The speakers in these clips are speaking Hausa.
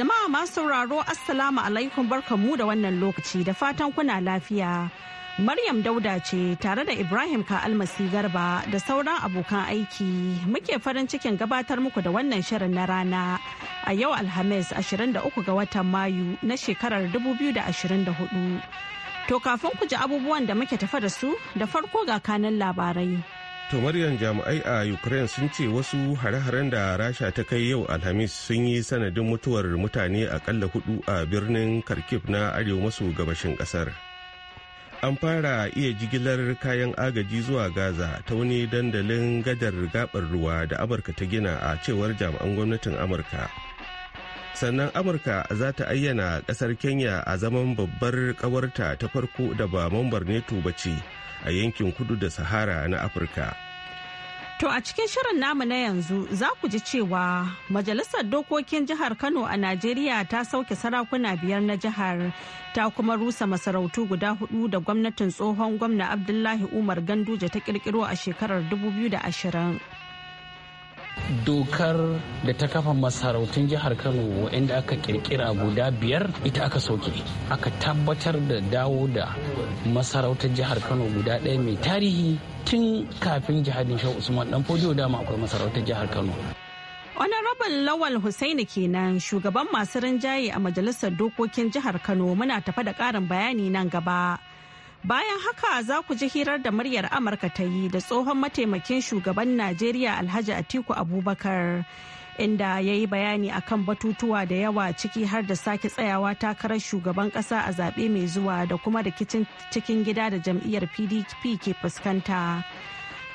Jama'a masu sauraro Assalamu alaikum barkamu da wannan lokaci da fatan kuna lafiya. Maryam Dauda ce tare da Ibrahim Ka'almasi Garba da sauran abokan aiki muke farin cikin gabatar muku da wannan shirin na rana a yau Alhamis 23 ga watan Mayu na shekarar 2024. To kafin ku ji abubuwan da muke tafa da su da farko ga kanan labarai. tawaryar jami'ai a ukraine sun ce wasu hare-haren da rasha ta kai yau alhamis sun yi sanadin mutuwar mutane akalla hudu a birnin kharkiv na arewa maso gabashin kasar an fara iya jigilar kayan agaji zuwa gaza ta wani dandalin gadar gabar ruwa da amurka ta gina a cewar jami'an gwamnatin amurka sannan amurka za ta ayyana kasar kenya a zaman babbar kawarta ta farko da ba mambar neto ba ce a yankin kudu da sahara na afirka To a cikin shirin namu na yanzu za ku ji cewa Majalisar Dokokin Jihar Kano a Najeriya ta sauke sarakuna biyar na jihar ta kuma rusa masarautu guda hudu da gwamnatin tsohon gwamna Abdullahi Umar Ganduje ta kirkiro a shekarar 2020. dokar da ta kafa masarautun jihar kano waanda aka kirkira guda biyar ita aka soke aka tabbatar da dawo da masarautar jihar kano guda ɗaya mai tarihi tun kafin jihadin shan usman dan fodiyo dama akwai masarautar jihar kano Honorable Lawal Hussaini kenan shugaban masu rinjaye a Majalisar Dokokin Jihar Kano muna tafa da ƙarin bayani nan gaba. Bayan haka za ku ji hirar da muryar Amurka ta yi da tsohon mataimakin shugaban Najeriya Alhaji Atiku Abubakar inda ya yi bayani kan batutuwa da yawa ciki har da sake tsayawa takarar shugaban kasa a zaɓe mai zuwa da kuma rikicin cikin gida da jam'iyyar PDP ke fuskanta.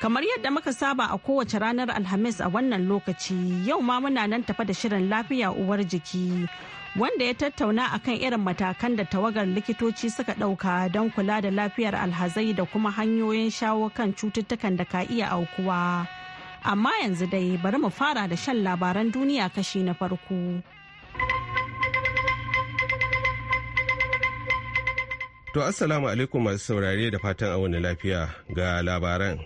Kamar yadda muka saba a kowace ranar Alhamis a wannan lokaci, yau ma muna nan tafa da shirin lafiya uwar jiki. wanda ya tattauna a kan irin matakan da tawagar likitoci suka ɗauka don kula da lafiyar alhazai da kuma hanyoyin shawo kan cututtukan da ka iya aukuwa. Amma yanzu dai bari mu fara da shan labaran duniya kashi na farko. To Assalamu alaikum masu saurare da fatan a wani lafiya ga labaran.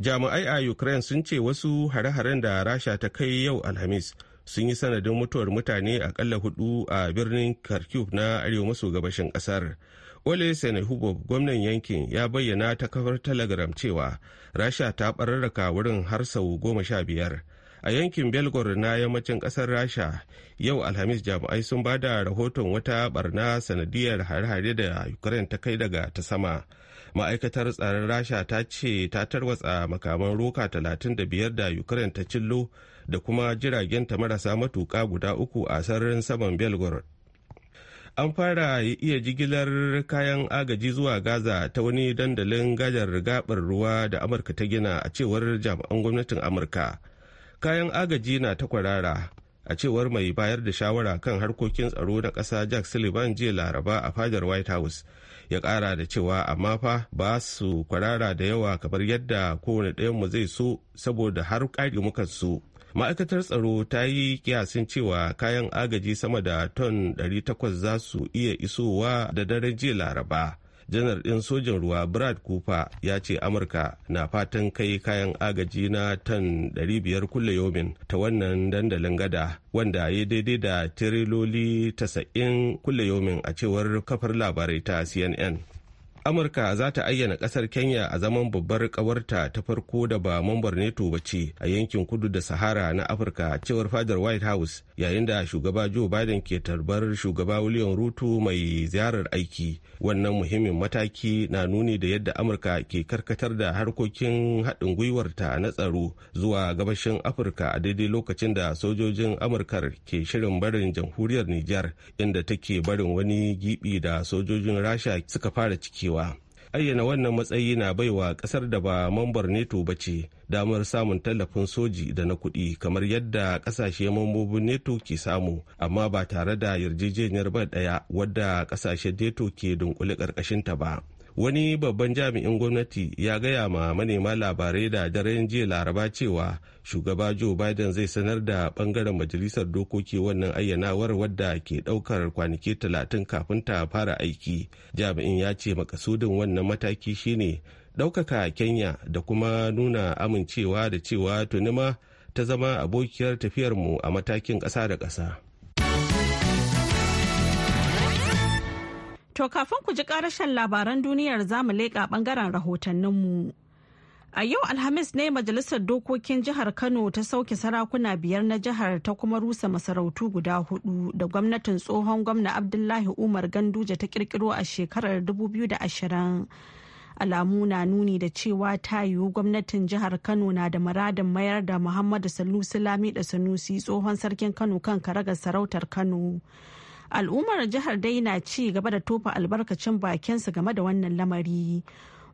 Jami'ai a Ukraine sun ce wasu hare-haren da Rasha ta kai yau Alhamis. sun yi sanadin mutuwar mutane akalla hudu a birnin kharkiv na arewa maso gabashin kasar ole senehubov gwamnan yankin ya bayyana ta kafar telegram cewa rasha ta bararraka wurin har sau goma sha biyar a yankin belgor na yammacin kasar rasha yau alhamis jami'ai sun ba da rahoton wata barna sanadiyar hare-hare da ukraine ta kai daga ta sama ma'aikatar tsaron rasha ta ce ta tarwatsa makaman roka 35 da ukraine ta cillo da kuma jiragen ta marasa matuƙa guda uku a sararin saman belgorod an fara iya jigilar kayan agaji zuwa gaza ta wani dandalin gajar gabar ruwa da amurka ta gina a cewar jami'an gwamnatin amurka kayan agaji na ta kwarara a cewar mai bayar da shawara kan harkokin tsaro na ƙasa jack sullivan jiya laraba a fadar white house ya ƙara da cewa amma fa ba su kwarara da yawa kamar yadda kowane ɗayanmu zai so saboda har ƙari mukan su. ma'aikatar tsaro ta yi kiyasin cewa kayan agaji sama da ton 800 za su iya isowa da daren jiya laraba janar ɗin sojan ruwa brad cooper ya ce amurka na fatan kai kayan agaji na ton 500 kulle yomin ta wannan dandalin gada wanda ya daidai da tiriloli 90 kulle yomin a cewar kafar labarai ta cnn amurka za ta ayyana kasar kenya a zaman babbar kawarta ta farko da ba mambar neto ba ce a yankin kudu da sahara na afirka cewar fadar white house yayin da shugaba joe biden ke tarbar shugaba william ruto mai ziyarar aiki wannan muhimmin mataki na nuni da yadda amurka ke karkatar da harkokin haɗin gwiwarta na tsaro zuwa gabashin afirka a daidai lokacin da sojojin amurka ke shirin barin jamhuriyar nijar inda take barin wani gibi da sojojin rasha suka fara cikewa cewa ayyana wannan matsayi na baiwa kasar da ba mambar neto ba ce damar samun tallafin soji da na kuɗi kamar yadda ƙasashe mambobin neto ke samu amma ba tare da yarjejeniyar ba ɗaya wadda ƙasashen neto ke dunkule ƙarƙashinta ba wani babban jami'in gwamnati ya gaya ma manema labarai da daren jiya laraba cewa shugaba joe biden zai sanar da bangaren majalisar dokoki wannan ayyanawar wadda ke daukar kwanaki talatin kafin ta fara aiki jami'in ya ce makasudin wannan mataki shine daukaka kenya da kuma nuna amincewa da cewa tunima ta zama abokiyar tafiyarmu a matakin ƙasa da ƙasa To kafin ku ji karashen labaran duniyar za mu leƙa ɓangaren rahotanninmu. A yau Alhamis ne Majalisar Dokokin Jihar Kano ta sauke sarakuna biyar na jihar ta kuma rusa masarautu guda hudu da gwamnatin tsohon gwamna Abdullahi Umar Ganduje ta kirkiro a shekarar 2020. Alamu na nuni da cewa ta yiwu gwamnatin jihar Kano na da muradin mayar da Muhammadu Salusu Lami da Sanusi tsohon sarkin Kano kan karagar sarautar Kano. al'ummar jihar dai na ci gaba da tofa albarkacin bakinsu game da wannan lamari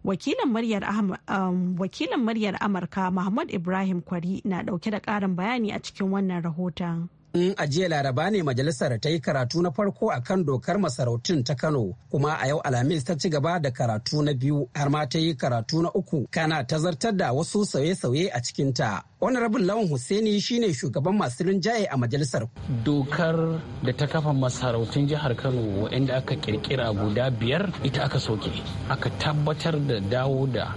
wakilin muryar um, amurka mahmud ibrahim kwari na dauke da karin bayani a cikin wannan rahoton in a laraba ne majalisar ta yi karatu na farko a kan dokar masarautun ta kano kuma a yau alhamis ta ci gaba da karatu na biyu har ma ta yi karatu na uku kana tazartar da wasu sauye-sauye a cikinta honorable lawan hussaini shine shugaban masu rinjaye a majalisar dokar da ta kafa masarautun jihar kano waɗanda aka kirkira guda biyar ita aka soke aka tabbatar da dawo da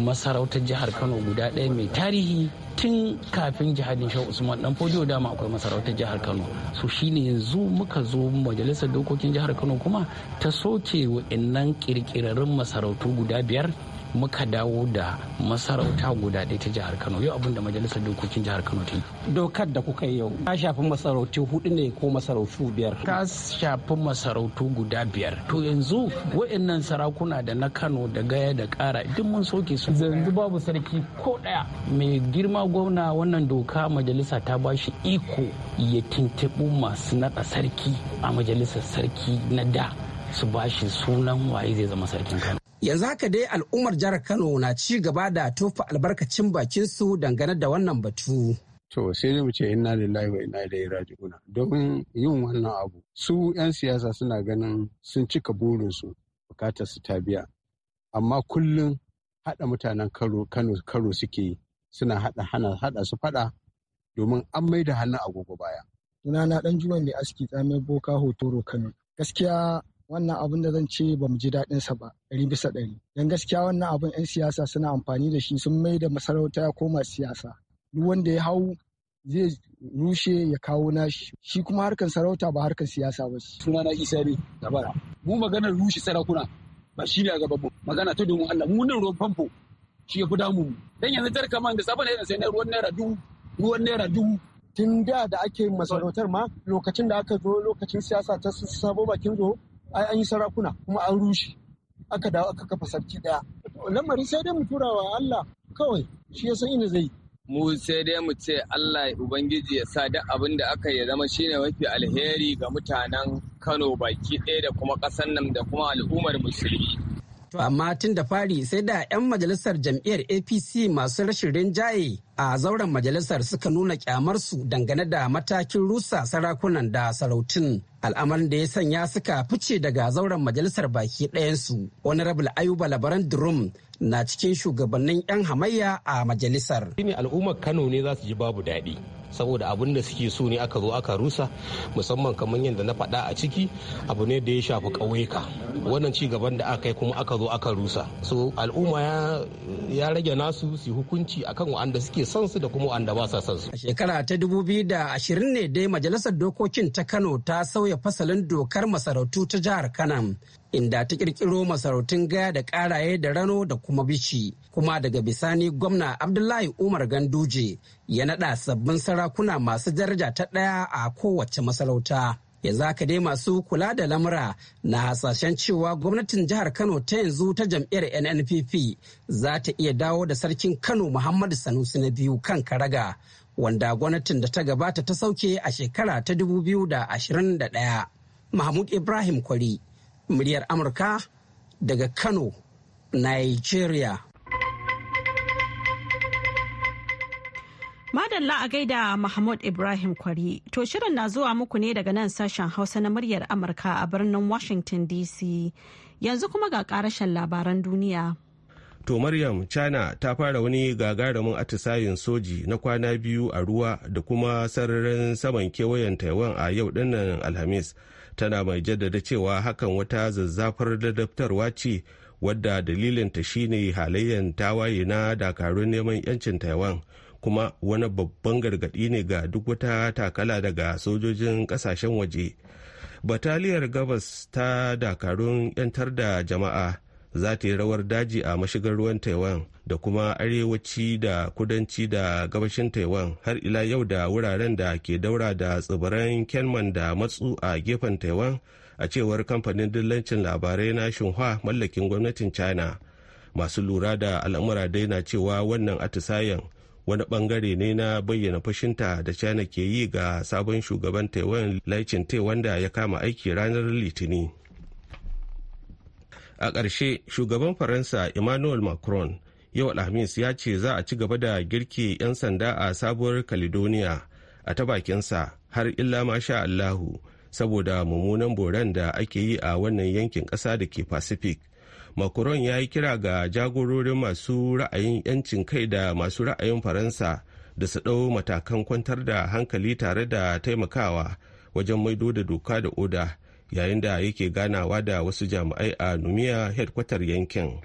masarautar jihar kano guda ɗaya mai tarihi tun kafin jihadin usman dan fojo dama akwai masarautar jihar kano su shine yanzu muka zo majalisar dokokin jihar kano kuma ta soke wa'annan kirkirarrun masarautu guda biyar muka dawo da masarauta guda ɗaya ta jihar kano yau abinda da majalisar dokokin jihar kano ta yi dokar da kuka yi yau ta shafi masarauti hudu ne ko masarautu biyar ta shafi masarautu guda biyar to yanzu wa'annan sarakuna da na kano da gaya da kara duk mun soke su yanzu babu sarki ko ɗaya mai girma gwamna wannan doka majalisa ta bashi iko ya tuntuɓi masu naɗa sarki a majalisar sarki na da su bashi sunan waye zai zama sarkin kano yanzu haka dai al'ummar jihar kano na ci gaba da tofa albarkacin bakin su dangane da wannan batu to sai dai mu ce inna lillahi wa inna ilaihi raji'un domin yin wannan abu su 'yan siyasa suna ganin sun cika burinsu bukatar su ta biya amma kullum haɗa mutanen karo kano karo suke suna haɗa hana haɗa su faɗa domin an mai da hannun agogo baya sunana dan juma mai aski tsamai boka hotoro kano gaskiya wannan abin da zan ce ba mu ji daɗin sa ba ɗari bisa ɗari don gaskiya wannan abin 'yan siyasa suna amfani da shi sun mai da masarauta ya koma siyasa duk wanda ya hau zai rushe ya kawo nashi shi kuma harkan sarauta ba harkan siyasa ba suna na isa ne dabara mu maganar rushe sarakuna ba shi ne a gaba magana ta domin Allah mu nan ruwan famfo shi ya fi damu dan yanzu tarka man da sabon yana sai na ruwan naira dubu ruwan naira dubu tun da da ake masarautar ma lokacin da aka zo lokacin siyasa ta sabo bakin zo an yi sarakuna kuma an rushe aka dawo aka kafa sarki daya Lamarin sai dai mu tura wa Allah kawai shi ya san ina zai mu sai dai mu ce Allah ubangiji ya sa duk abin da aka ya zama shine mafi alheri ga mutanen Kano baki ɗaya da kuma ƙasar nan da kuma al'ummar musulmi to amma tun da fari sai da 'yan majalisar jam'iyyar APC masu rashin rinjaye a zauren majalisar suka nuna kyamarsu dangane da matakin rusa sarakunan da sarautun al'amarin da ya sanya suka fice daga zauren majalisar baki ɗayansu honorable ayuba labaran drum na cikin shugabannin 'yan hamayya a majalisar shine al'ummar kano ne za su ji babu daɗi saboda abin da suke so ne aka zo aka rusa musamman kamar yadda na faɗa a ciki abu ne da ya shafi ƙauyuka wannan ci gaban da aka yi kuma aka zo aka rusa so al'umma ya rage nasu su hukunci akan wa'anda suke suke son su da kuma wanda ba sa son su. A shekara ta dubu biyu da ashirin ne dai majalisar dokokin ta Kano ta sauya fasalin dokar masarautu ta jihar Kano inda ta kirkiro masarautun gaya da karaye da rano da kuma bici kuma daga bisani gwamna abdullahi umar ganduje ya naɗa sabbin sarakuna masu daraja ta ɗaya a kowace masarauta yanzu haka dai masu kula da lamura na hasashen cewa gwamnatin jihar kano ta yanzu ta jam'iyyar nnpp za ta iya dawo da sarkin kano muhammadu sanusi na biyu kan karaga wanda gwamnatin da ta gabata ta sauke a shekara ta 2021 mahmud ibrahim kwari muryar amurka daga kano nigeria Madalla a gaida Mahmud Ibrahim Kwari. To shirin na zuwa muku ne daga nan sashen Hausa na muryar Amurka a birnin Washington DC. Yanzu kuma ga karashen labaran duniya. To Maryam China ta fara wani gagarumin atisayin soji na kwana biyu a ruwa da kuma sararin saman kewayen Taiwan a yau dinnan Alhamis. Tana mai jaddada cewa hakan wata zazzafar ladabtarwa ce wadda dalilinta shine halayen tawaye na dakarun neman 'yancin Taiwan. kuma wani babban gargaɗi ne ga duk wata takala daga sojojin ƙasashen waje bataliyar gabas ta dakarun 'yantar da jama'a za ta yi rawar daji a mashigar ruwan taiwan da kuma arewaci da kudanci da gabashin taiwan har ila yau da wuraren da ke daura da tsibiran kenman da matsu a gefen taiwan a cewar kamfanin dillancin labarai na shinhua mallakin gwamnatin china masu lura da al'amura dai na cewa wannan atisayen wani bangare ne na bayyana fushinta da china ke yi ga sabon shugaban taiwan laicin tai wanda ya kama aiki ranar litini a ƙarshe shugaban faransa emmanuel macron yau alhamis ya ce za a ci gaba da girki 'yan sanda a sabuwar caledonia a ta bakinsa har illa ma sha allahu saboda mummunan boran da ake yi a wannan yankin ƙasa da ke pacific macron ya yi kira ga jagororin masu ra'ayin 'yancin kai da masu ra'ayin faransa da su ɗau matakan kwantar da hankali tare da taimakawa wajen maido da doka da oda yayin da yake ganawa da wasu jami'ai a numiya hedkwatar yankin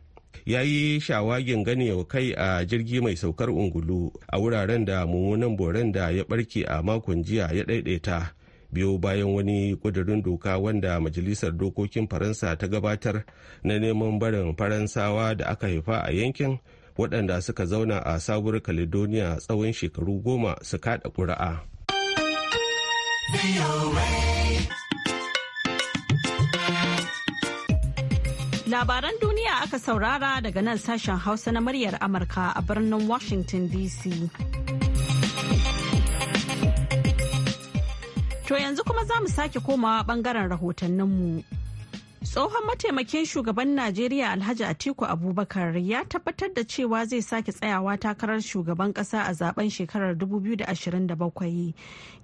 ya yi shawagin ganewa kai a jirgi mai saukar ungulu a wuraren da mummunan boren da ya barke a makon jiya ya ɗaiɗaita biyo bayan wani kudurin doka wanda majalisar dokokin faransa ta gabatar na neman barin faransawa da aka haifa a yankin waɗanda suka zauna a sabuwar caledonia tsawon shekaru goma su kaɗa ƙuri'a. Labaran duniya aka saurara daga nan sashen Hausa na muryar Amurka a birnin Washington DC. To yanzu kuma za mu sake komawa bangaren rahotanninmu. Tsohon mataimakin shugaban Najeriya Alhaji Atiku Abubakar ya tabbatar da cewa zai sake tsayawa takarar shugaban ƙasa a zaben shekarar 2027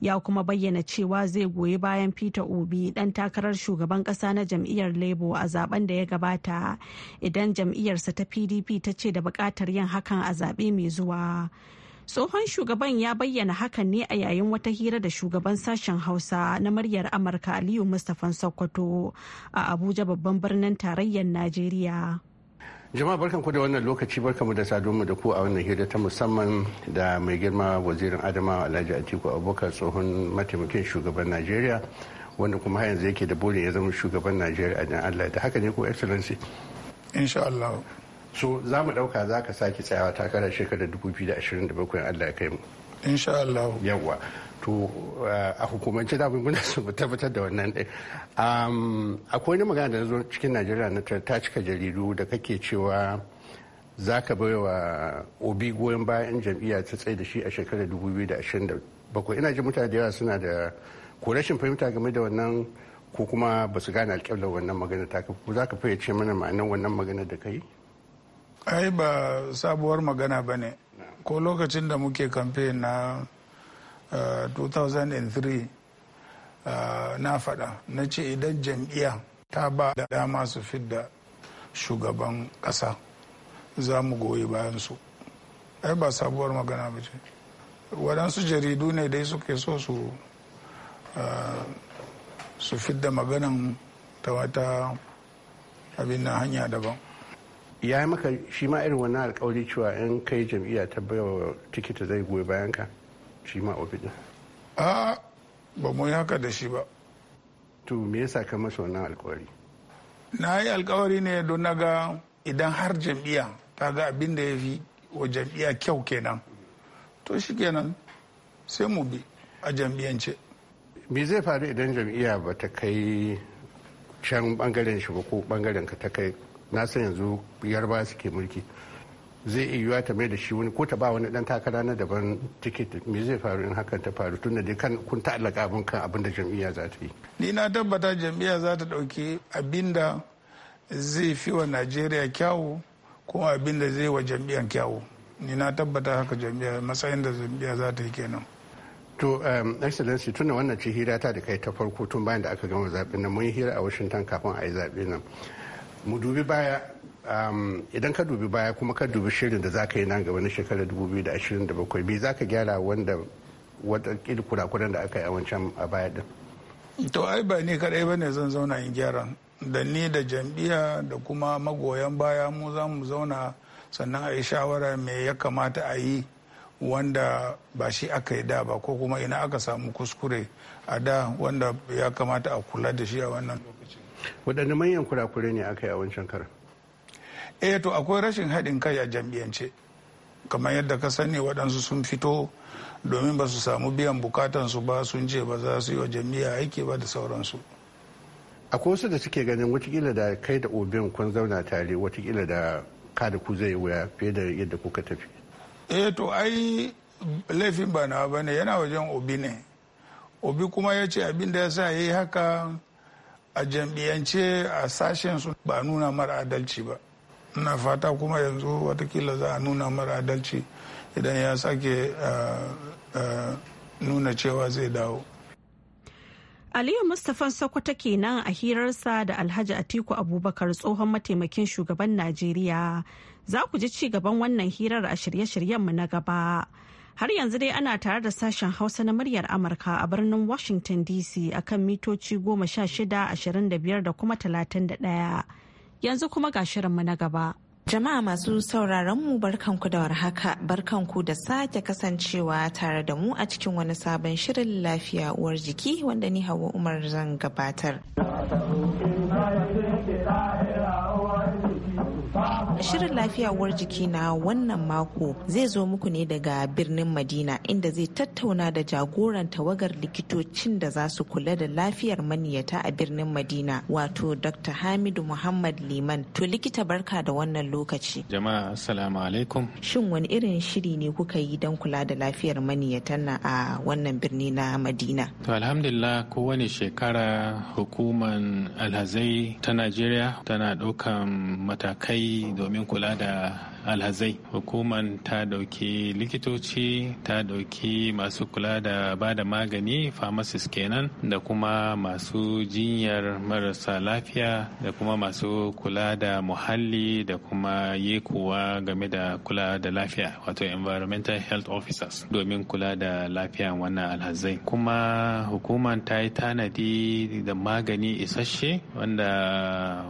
ya kuma bayyana cewa zai goyi bayan Peter Obi dan takarar shugaban ƙasa na jam'iyyar Labour a zaben da ya gabata idan jam'iyyarsa ta PDP ta ce da bukatar yin hakan a zaɓe mai zuwa. tsohon shugaban ya bayyana hakan ne a yayin wata hira da shugaban sashen hausa na muryar amurka aliyu mustapha sokoto a abuja babban birnin tarayyar najeriya jama'a barkan ku da wannan lokaci barkanmu da sadonmu da ku a wannan hira ta musamman da mai girma wazirin adama alhaji atiku abubakar tsohon mataimakin shugaban najeriya wanda kuma har yanzu yake da burin ya zama shugaban najeriya a allah da haka ne ko excellency insha so za mu ɗauka za ka sake tsayawa takarar shekarar 2027 allah ya kai mu insha allah yawwa to eh, a hukumance da muna so mu tabbatar da wannan ɗin akwai wani magana da na zo cikin najeriya na ta cika jaridu da kake cewa za ka bai wa obi goyon bayan jam'iyya ta tsaye da shi a shekarar 2027 ina ji mutane da yawa suna da ko rashin fahimta game da wannan ko kuma ba su gane alƙiblar wannan magana ta kafa za ka fayyace mana ma'anar wannan magana da kai ai ba sabuwar magana ba ne ko lokacin da muke kamfe na 2003 eh, eh, na faɗa na ce idan jam'iyya ta ba da dama su fidda shugaban kasa za mu goyi bayansu su ai ba sabuwar magana ba ce waɗansu jaridu ne dai suke so su eh, su fidda maganan ta wata abin na hanya daban ya yi maka shi ma irin wannan alkawari cewa in kai jam'iyya ta baiwa tikita zai goyi bayan ka shi ma obidin a ba mu yi haka da shi ba to me yasa ka masa wannan alkawari na yi alkawari ne don na ga idan har jam'iyya ta ga abin da ya fi wa jam'iyya kyau kenan to shi kenan sai mu bi a jam'iyyance me zai faru idan jam'iyya ba ta kai can bangaren shi ba ko bangaren ka ta kai na san yanzu yarba suke mulki zai iya yiwuwa ta mai da shi wani ko ta ba wani dan takara na daban tiket me zai faru in hakan ta faru da dai kan kun ta'allaka abin kan abin da jam'iyya za ta yi ni na tabbata jam'iyya za ta dauki abin da zai fi wa najeriya kyawu kuma abin da zai wa jam'iyyar kyawu ni na tabbata haka jam'iyya matsayin da jam'iyya za ta yi kenan to um, excellency da wannan ce hira ta da kai ta farko tun bayan da aka gama zaɓe nan mun yi hira a washington kafin a yi zaɓe nan mu dubi baya um, idan ka dubi baya kuma ka dubi shirin da za ka yi nan gaba na shekarar 2027 me za ka gyara wanda wata kurakuran da aka yi a wancan a baya din to ai ba ni kadai bane zan zauna in gyara da ni da jam'iyya da kuma magoyan baya mu za mu zauna sannan a yi shawara me ya kamata a yi wanda ba shi aka yi da ba ko kuma ina aka samu kuskure a da wanda ya kamata a kula da shi a wannan lokacin waɗanne manyan kurakure ne aka yi a wancan karan eh to akwai rashin haɗin kai a jam'iyyance kamar yadda ka sani waɗansu sun fito domin ba su samu biyan bukatansu ba sun ce ba za su yi wa jam'iyya aiki ba da sauransu akwai wasu da suke ganin watakila da kai da obin kun zauna tare watakila da ka da ku zai wuya fiye da yadda kuka tafi eh to ai laifin ba na ba ne yana wajen obi ne obi kuma ya ce abin da ya sa ya yi haka a jam'iyyance a sashen su ba nuna mara adalci ba ina fata kuma yanzu watakila za a nuna mara adalci idan ya sake nuna cewa zai dawo aliyu mustapha sokoto kenan a hirarsa da alhaji atiku abubakar tsohon mataimakin shugaban najeriya za ku ji ci gaban wannan hirar a shirye-shiryenmu na gaba. Har yanzu dai ana tare da sashen Hausa na muryar Amurka a birnin Washington DC akan mitoci goma sha shida ashirin da biyar da kuma talatin da ɗaya. Yanzu kuma ga shirinmu na gaba. Jama'a masu sauraron mu barkanku da warhaka barkanku da sake kasancewa tare da mu a cikin wani sabon shirin lafiya uwar jiki wanda ni Hauwa Umar zan gabatar. Shirin lafiyawar jiki na wannan mako zai zo muku ne daga birnin Madina inda zai tattauna da jagoran tawagar likitocin da za su kula da lafiyar maniyata a birnin Madina wato Dr. Hamidu Muhammad Liman. To likita barka da wannan lokaci. Jama'a assalamu alaikum. Shin wani irin shiri ne kuka yi don kula da lafiyar maniyatan na a wannan birni na Madina? To alhamdulillah kowane shekara hukumar alhazai ta Najeriya tana ɗaukan matakai yi domin kula da alhazai hukuman ta dauki likitoci ta dauki masu kula da ba da magani pharmacist kenan da kuma masu jinyar marasa lafiya da kuma masu kula da muhalli da kuma yekuwa game da kula da lafiya wato environmental health officers domin kula da lafiya wannan alhazai kuma hukuman ta yi tanadi da magani isasshe wanda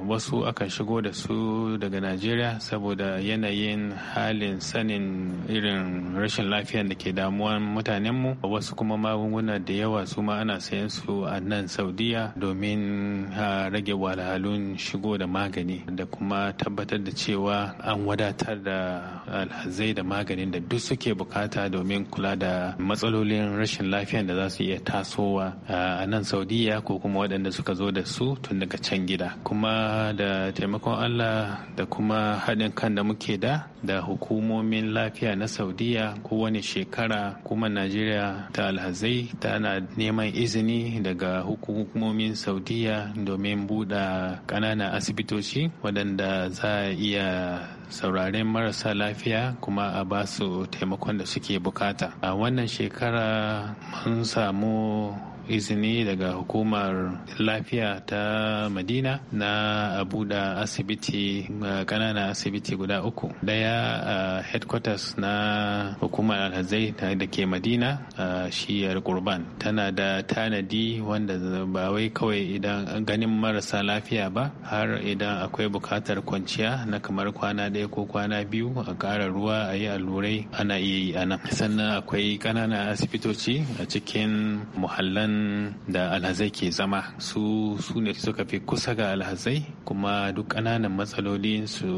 wasu akan shigo da su daga najeriya saboda yanayi yanayin halin sanin irin rashin lafiyan da ke damuwan mutanenmu wasu kuma magunguna da yawa su ma ana sayan su a nan saudiya domin rage walhalun shigo da magani da kuma tabbatar da cewa an wadatar da alhazai da maganin da duk suke bukata domin kula da matsalolin rashin lafiyan da za su iya tasowa a nan saudiya ko kuma waɗanda suka zo da su tun daga can gida kuma da taimakon allah da kuma haɗin kan da muke da yarda da hukumomin lafiya na saudiya kowane shekara kuma najeriya ta alhazai tana neman izini daga hukumomin saudiya domin buɗe ƙananan asibitoci waɗanda za a iya sauraren marasa lafiya kuma a ba su taimakon da suke bukata a wannan shekara mun samu izini daga hukumar lafiya ta madina na a asibiti kanana asibiti guda uku daya a headquarters na hukumar alhazai da ke madina a shiyar kurban tana da tanadi wanda ba wai kawai idan ganin marasa lafiya ba har idan akwai bukatar kwanciya na kamar kwana ɗaya ko kwana biyu a ƙara ruwa a yi allurai ana iya yi a nan sannan akwai kanana asibitoci a cikin muhallan nan da alhazai ke zama su su ne suka fi kusa ga alhazai kuma duk ƙananan matsalolin su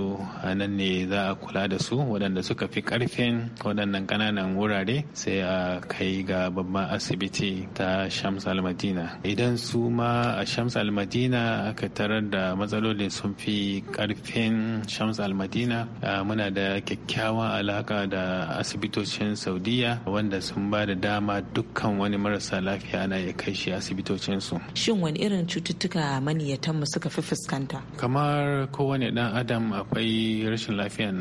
nan ne za a kula da su waɗanda suka fi ƙarfin waɗannan ƙananan wurare sai a kai ga babban asibiti ta shams almadina idan su ma a shams almadina aka tarar da matsalolin sun fi ƙarfin shams almadina muna da kyakkyawan alaka da asibitocin saudiya wanda sun ba da dama dukkan wani marasa lafiya na ya kai shi asibitocinsu. Shin wani irin cututtuka maniyatanmu suka fi fuskanta? Kamar kowane ɗan adam akwai rashin lafiyan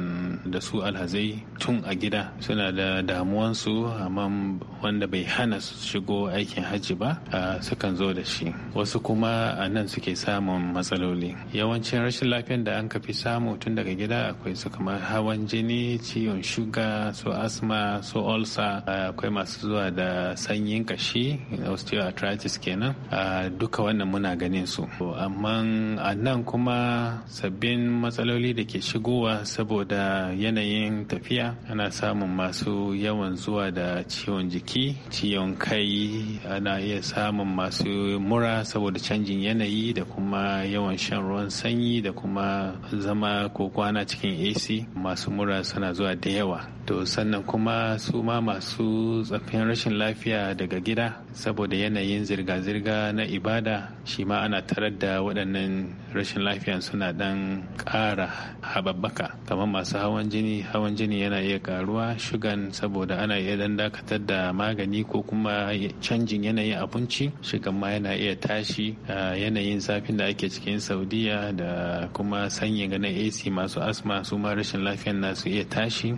da su alhazai tun a gida suna da damuwansu amma wanda bai hana su shigo aikin hajji ba sukan zo da shi. Wasu kuma a nan suke samun matsaloli. Yawancin rashin lafiyan da an fi samu tun daga gida akwai su kamar hawan jini, ciwon shuga, su asma, su olsa, akwai masu zuwa da sanyin kashi, osteoarthritis kenan duka wannan muna ganin su amma a nan kuma sabbin matsaloli da ke shigowa saboda yanayin tafiya ana samun masu yawan zuwa da ciwon jiki ciwon kai ana iya samun masu mura saboda canjin yanayi da kuma yawan shan ruwan sanyi da kuma zama ko kwana cikin ac masu mura suna zuwa da yawa to sannan kuma su ma masu tsafin rashin lafiya daga gida saboda yanayin zirga-zirga na ibada shi ma ana tarar da waɗannan rashin lafiyan suna ɗan ƙara hababbaka kamar masu hawan jini hawan jini yana iya karuwa shugan saboda ana iya ɗan dakatar da magani ko kuma canjin yanayin abinci shugan ma yana iya tashi yanayin zafin da ake cikin saudiya da kuma sanyi na ac masu asma su ma rashin lafiyan nasu iya tashi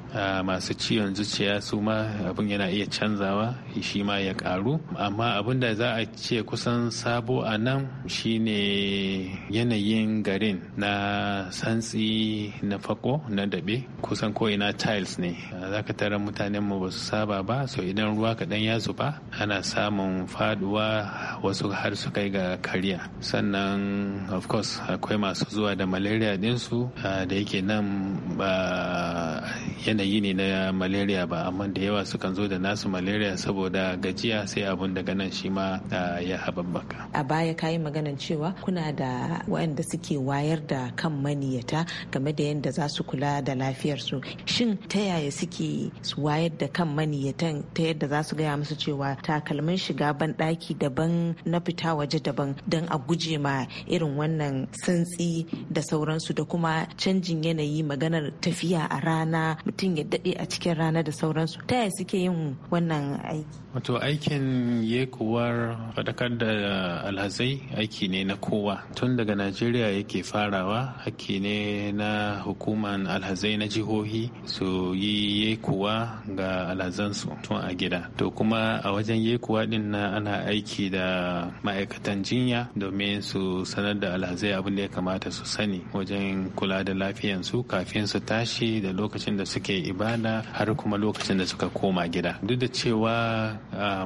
masu ciwon zuciya su ma abin yana iya canzawa shi ma ya karu amma abin abinda za a ce kusan sabo a nan shine yanayin garin na santsi na fako na daɓe kusan ko ina tiles ne za ka tara mutanen mu ba su saba ba so idan ruwa kaɗan ya zuba ana samun faduwa wasu har su kai ga kariya sannan of course akwai masu zuwa da malaria ɗinsu ah, da yake nan ba yanayi ne na malaria ba amma da yawa sukan zo da nasu malaria saboda gajiya sai abun daga nan shi ma ya haɓaɓɓaka. a baya kayi maganan cewa kuna da waɗanda suke wayar da kan maniyata game da yadda za su kula da lafiyarsu shin ta yaya suke wayar da kan maniyatan ta yadda za su gaya musu cewa takalmin shiga ban ɗaki daban na fita waje daban don a guje ma irin wannan santsi da sauransu da kuma canjin yanayi maganar tafiya a rana mutum ya daɗe a cikin rana da sauransu ta yaya suke yin wannan aiki wato aikin yekuwar faɗakar da alhazai aiki ne na kowa tun daga najeriya yake farawa aiki ne na hukuman alhazai na jihohi su yi yekuwa ga alhazansu tun a gida to kuma a wajen yekuwa din na ana aiki da ma'aikatan jinya domin su sanar da alhazai abin da ya kamata su sani wajen kula da lafiyansu kafin su tashi da lokacin da su suke ibada har kuma lokacin da suka koma gida duk da cewa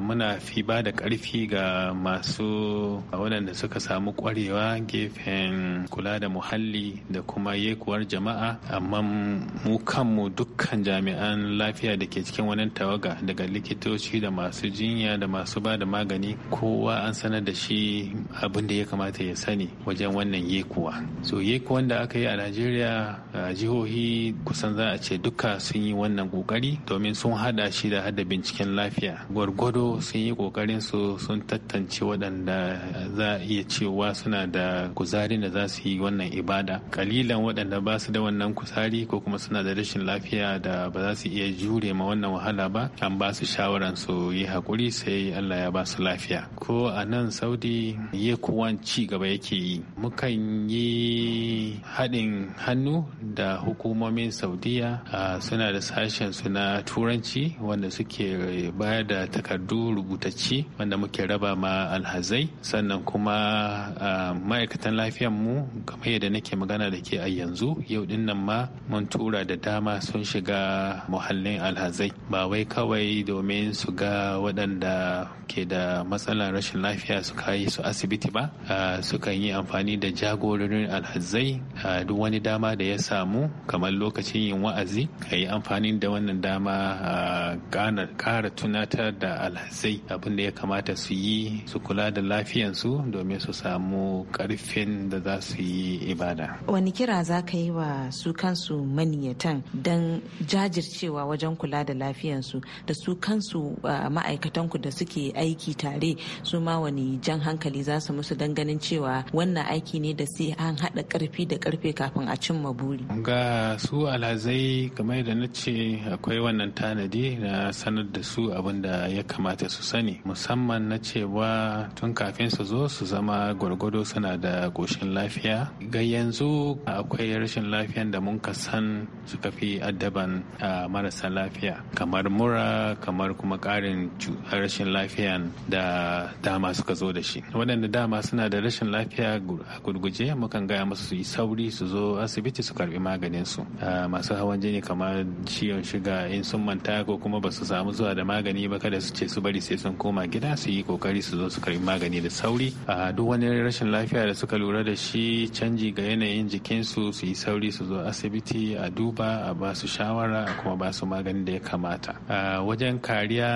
muna fi ba da karfi ga masu waɗanda suka samu kwarewa gefen kula da muhalli da kuma yekuwar jama'a amma mu kanmu dukkan jami'an lafiya da ke cikin wani tawaga daga likitoci da masu jinya da masu ba da magani kowa an sanar da shi abin da ya kamata ya sani wajen wannan yekuwa so yekuwan da aka yi a najeriya jihohi kusan za a ce duk duka sun yi wannan kokari domin sun hada shi da hada binciken lafiya gwargwado sun yi kokarin su sun tantance waɗanda za a iya cewa suna da kuzari da za su yi wannan ibada kalilan waɗanda ba su da wannan kuzari ko kuma suna da rashin lafiya da ba za su iya jure ma wannan wahala ba an ba su shawaran su yi hakuri sai Allah ya ba su lafiya ko a nan saudi ya kuwan ci gaba yake yi mukan yi haɗin hannu da hukumomin saudiya a suna da sashen su na turanci wanda suke bayar da takardu rubutacci wanda muke raba ma alhazai sannan kuma ma'aikatan lafiyar mu kamar yadda nake magana da ke a yanzu yau din nan ma mun tura da dama sun shiga muhallin alhazai ba wai kawai domin su ga waɗanda ke da matsalar rashin lafiya su kayi su asibiti ba sukan yi amfani da jagororin alhazai duk wani dama da ya samu kamar lokacin yin wa'azi a yi amfani da wannan dama a Kara tunatar da alhazai abin da ya kamata su yi su kula da lafiyansu domin su samu karfin da za su yi ibada. Wani kira za ka yi wa su kansu maniyatan don jajircewa wajen kula da lafiyansu da su kansu ma'aikatanku da suke aiki tare su ma wani jan hankali za su musu don ganin cewa wannan aiki ne da sai an haɗa karfi da karfe kafin a cimma buri. Ga su alhazai kamar da na ce akwai wannan tanadi na sanar da su abin da ya kamata su sani musamman na cewa tun kafin su zo su zama gwargwado suna da goshin lafiya ga yanzu akwai rashin lafiyan da mun ka san suka fi addaban marasa lafiya kamar mura kamar kuma karin rashin lafiyan da dama suka zo da shi waɗanda dama suna da rashin lafiya a gurguje mukan gaya masu su yi sauri su zo asibiti su karbi maganinsu su masu hawan jini kamar ciwon shiga in sun manta ko kuma ba su samu zuwa da magani ba kada su ce su bari sai sun koma gida su yi kokari su zo su karbi magani da sauri a duk wani rashin lafiya da suka lura da shi canji ga yanayin jikinsu su yi sauri su zo asibiti a duba a ba su shawara a kuma ba su magani da ya kamata a wajen kariya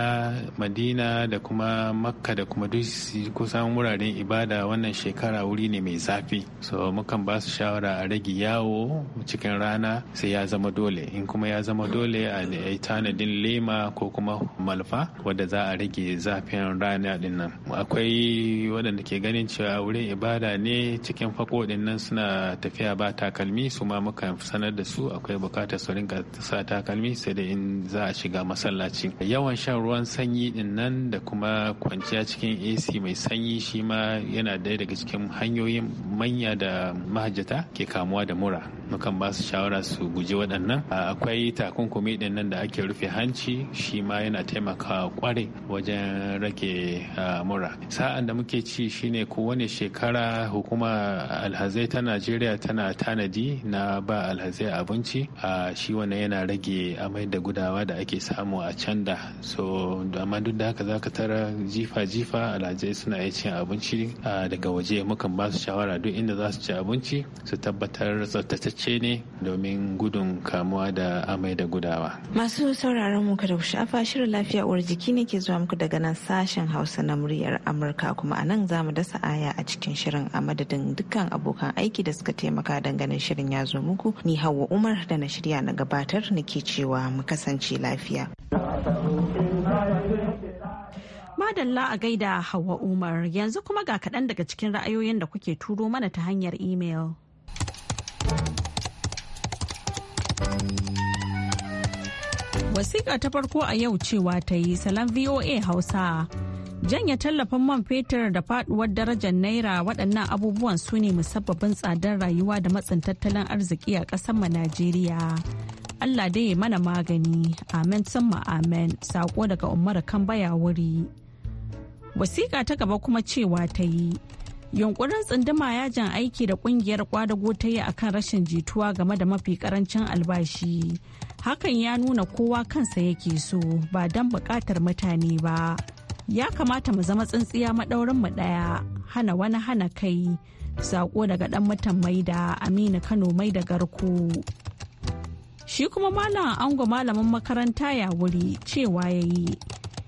madina da kuma makka da kuma duk kusan wuraren ibada wannan shekara wuri ne mai zafi so mukan ba su shawara a rage yawo cikin rana sai ya zama dole in in kuma ya zama dole a tanadin lema ko kuma malfa wadda za a rage zafin rana din nan akwai waɗanda ke ganin cewa wurin ibada ne cikin fako din nan suna tafiya ba takalmi su ma muka sanar da su akwai bukatar su rinka sa takalmi sai da in za a shiga masallaci yawan shan ruwan sanyi din nan da kuma kwanciya cikin ac mai sanyi shi ma yana daya daga cikin hanyoyin manya da mahajjata ke kamuwa da mura mukan ba su shawara su guji waɗannan a akwai takunkumi din nan da ake rufe hanci shi ma yana taimakawa kwarai wajen rage ah, mura sa'an da muke ci shine kowane shekara hukuma alhazai ta najeriya tana tanadi na ba alhazai abinci a ah, shi wannan yana rage amai da gudawa da ake samu a can da so amma duk da haka za ka tara jifa-jifa alhazai suna iya cin abinci ah, daga waje mukan ba su shawara duk inda za su ci abinci su tabbatar tsaftatacce ne domin gudun kamuwa da da amai da gudawa. Masu sauraron mu ka ku sha'afa shirin lafiya uwar jiki ne ke zuwa muku daga nan sashen Hausa na muryar Amurka kuma a nan za mu dasa aya a cikin shirin a madadin dukkan abokan aiki da suka taimaka dangane shirin ya zo muku ni Hauwa Umar da na shirya na gabatar nake cewa mu kasance lafiya. Madalla a gaida Hauwa Umar yanzu kuma ga kaɗan daga cikin ra'ayoyin da kuke turo mana ta hanyar imel. Wasiƙa ta farko a yau cewa ta yi salon VOA Hausa. Janya tallafin man fetur da faduwar darajar naira waɗannan abubuwan su ne musabbabin tsadar rayuwa da matsin tattalin arziki a ƙasar ma Najeriya. Allah dai mana magani, amen summa amen, saƙo daga Umar baya wuri. Wasiƙa ta gaba kuma cewa ta yi. yunkurin tsunduma yajin aiki da kungiyar kwadago ta yi akan rashin jituwa game da mafi karancin albashi hakan ya nuna kowa kansa yake so ba don bukatar mutane ba ya kamata mu zama tsintsiya maɗaurin mu ɗaya hana wani hana kai sako daga ɗan mutan maida aminu kano mai da garko shi kuma malam ango malamin makaranta ya wuri cewa ya yi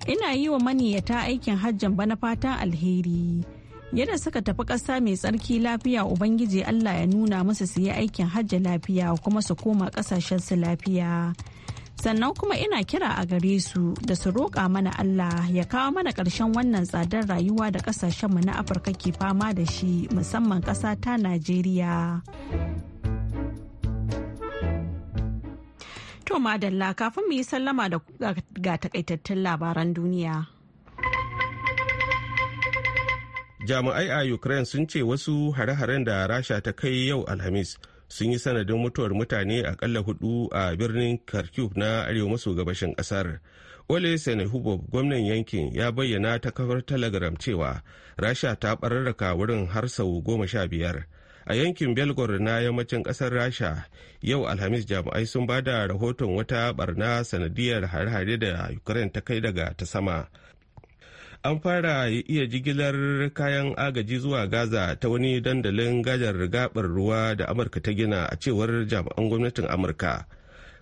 ina yi wa maniyata aikin hajjan bana fatan alheri yadda suka tafi ƙasa mai tsarki lafiya ubangiji allah ya nuna musu su yi aikin hajja lafiya kuma su koma su lafiya sannan kuma ina kira a gare su da su roƙa mana allah ya kawo mana ƙarshen wannan tsadar rayuwa da ƙasashen mu na afirka ke fama da shi musamman ƙasa ta najeriya to madalla kafin mu yi sallama da ga takaitattun labaran duniya jami'ai a ukraine sun ce wasu hare-haren da rasha ta kai yau alhamis sun yi sanadin mutuwar mutane akalla hudu a birnin kharkiv na arewa maso gabashin kasar ole senehubov gwamnan yankin ya bayyana ta kafar telegram cewa rasha ta bararraka wurin har sau goma sha biyar a yankin belgor na yammacin kasar rasha yau alhamis jami'ai sun ba da rahoton wata barna sanadiyar hare-hare da ukraine ta kai daga ta sama an fara iya jigilar kayan agaji zuwa gaza ta wani dandalin gajar gabar ruwa da amurka ta gina a cewar jami'an gwamnatin amurka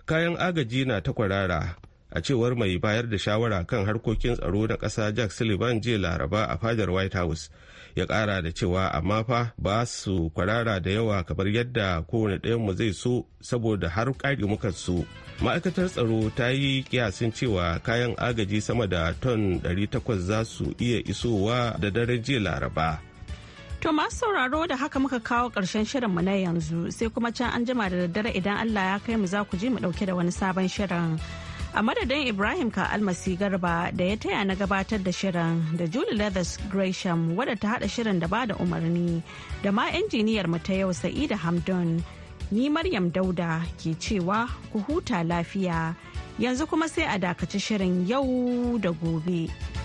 kayan agaji na ta kwarara a cewar mai bayar da shawara kan harkokin tsaro na ƙasa jack sullivan jiya laraba a fadar white house ya kara da cewa amma fa ba su kwarara da yawa kamar yadda kowane mu zai so saboda har ƙari muka so ma'aikatar tsaro ta yi kiyasin cewa kayan agaji sama da ton 800 za su iya isowa da daren jiya laraba To masu sauraro da haka muka kawo ƙarshen mu na yanzu sai kuma can an jima da daddare idan Allah ya kai mu za ku ji mu ɗauke da wani sabon shirin. a madadin ibrahim ka almasi garba da ya taya na gabatar da shirin da julie leathers gresham wadda ta hada shirin da ba da umarni da ma injiniyar mu ta yau sa'ida hamdun ni maryam dauda ke cewa ku huta lafiya yanzu kuma sai a dakaci shirin yau da gobe.